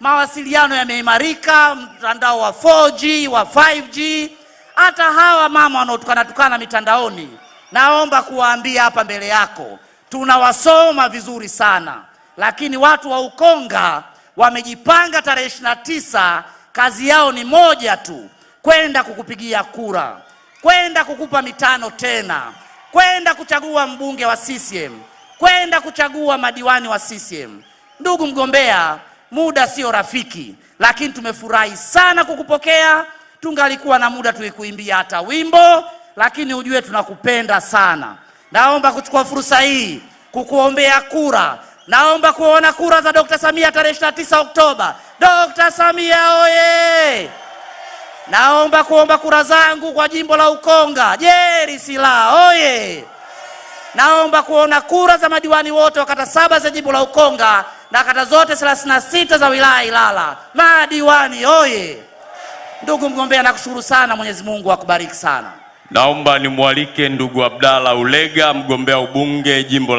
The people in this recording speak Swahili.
mawasiliano yameimarika, mtandao wa 4G wa 5G. Hata hawa mama wanaotukana tukana mitandaoni, naomba kuwaambia hapa mbele yako, tunawasoma vizuri sana, lakini watu wa Ukonga wamejipanga tarehe ishirini na tisa, kazi yao ni moja tu, kwenda kukupigia kura, kwenda kukupa mitano tena, kwenda kuchagua mbunge wa CCM, kwenda kuchagua madiwani wa CCM. Ndugu mgombea muda sio rafiki, lakini tumefurahi sana kukupokea. Tungalikuwa na muda tuikuimbia hata wimbo, lakini ujue tunakupenda sana. Naomba kuchukua fursa hii kukuombea kura. Naomba kuona kura za Dr. Samia tarehe 29 Oktoba. Dr. Samia oye! Naomba kuomba kura zangu kwa jimbo la Ukonga, Jerry Silaa oye! Naomba kuona kura za madiwani wote wa kata saba za jimbo la Ukonga na kata zote 36 za wilaya Ilala. Madiwani oye! Ndugu mgombea, nakushukuru sana. Mwenyezi Mungu akubariki sana. Naomba nimwalike ndugu Abdalla Ulega, mgombea ubunge jimbo la